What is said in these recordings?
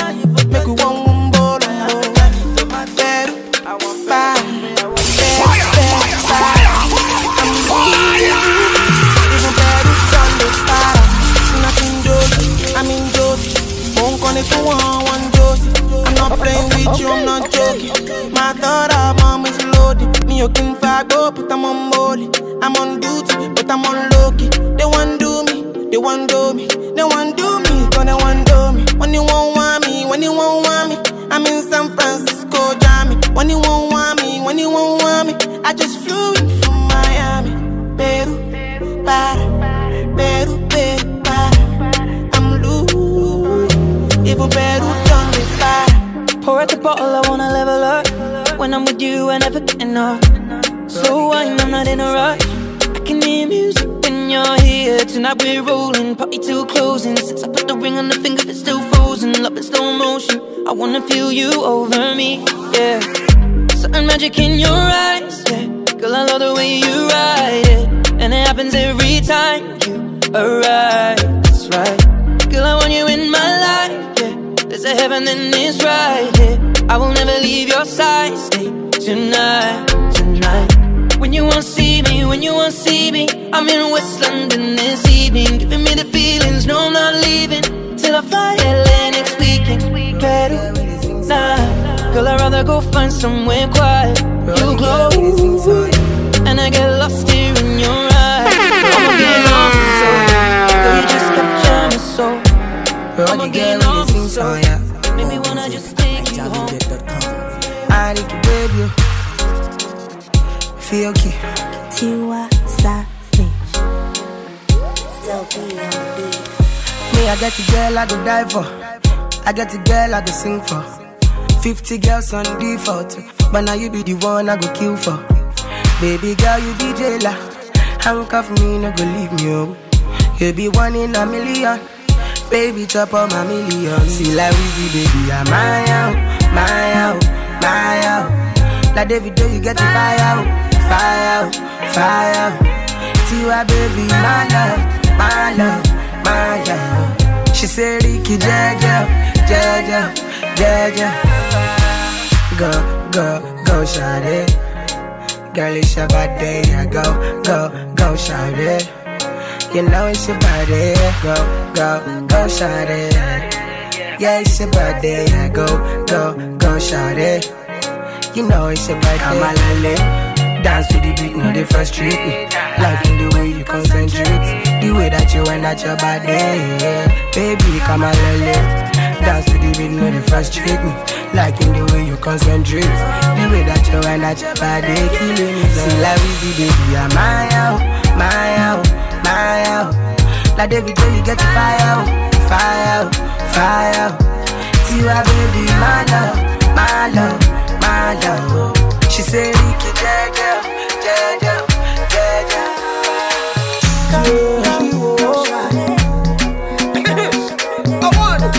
I'm I'm in not one one I'm not playing with you, I'm not joking. My thought is loaded. Me on I'm on duty, on low key. They do me, they want do me, they want do me, gonna want do me. When you want when you won't want me, I'm in San Francisco, Jami. When you won't want me, when you won't want me, I just flew in from Miami. Peru, para, Peru, Peru, para. I'm loose, even Peru done me para. Pour out the bottle, I wanna level up. When I'm with you, I never get enough. Slow wine, I'm not in a rush good, tonight we're rolling Party till closing Since I put the ring on the finger, it's still frozen Love in slow motion I wanna feel you over me, yeah Certain magic in your eyes, yeah Girl, I love the way you ride it And it happens every time you arrive That's right Girl, I want you in my life, yeah There's a heaven and it's right here yeah. I will never leave your side Stay tonight, tonight you won't see me, when you won't see me I'm in West London this evening Giving me the feelings, no I'm not leaving Till I fly LA next weekend Better, nah Girl, I'd rather go find somewhere quiet You glow And I get lost here in your eyes I'ma get lost in Girl, you just capture my soul I'ma get lost in soul oh, Maybe wanna just take you home I need to grab you fioki Tiwa Savage Still be on the beat Me, I get a girl I go die for I get a girl I go sing for 50 girls on default But now you be the one I go kill for Baby girl, you be jailer Handcuff me, no go leave me, You be one in a million Baby, chop up my million See like Weezy, baby, I'm my out, my out, my out Like every day you get the fire out oh fire, fire. To our baby, my love, my love, my love. She said, Ricky, Jaja, Jaja, Jaja. Go, go, go, shout it. Girl, it's your body, yeah. Go, go, go, shout it. You know it's your body, go, go, go, shout it. Yeah, it's your birthday. yeah. Go, go, go, shout it. You know it's your birthday. Come on, Dance to the beat, no they frustrate me. Like in the way you concentrate, the way that you wind at your body, yeah. Baby, come on, let Dance to the beat, no they frustrate me. Like in the way you concentrate, the way that you wind at your body, killing me. See, like easy, baby, I'm my out, my out, my out. Like every day you get fire out, fire out, fire out. See, baby, my love, my love.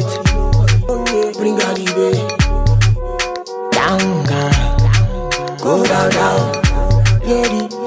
it. Bring her the way. Down, girl. Go down, down. Yeah,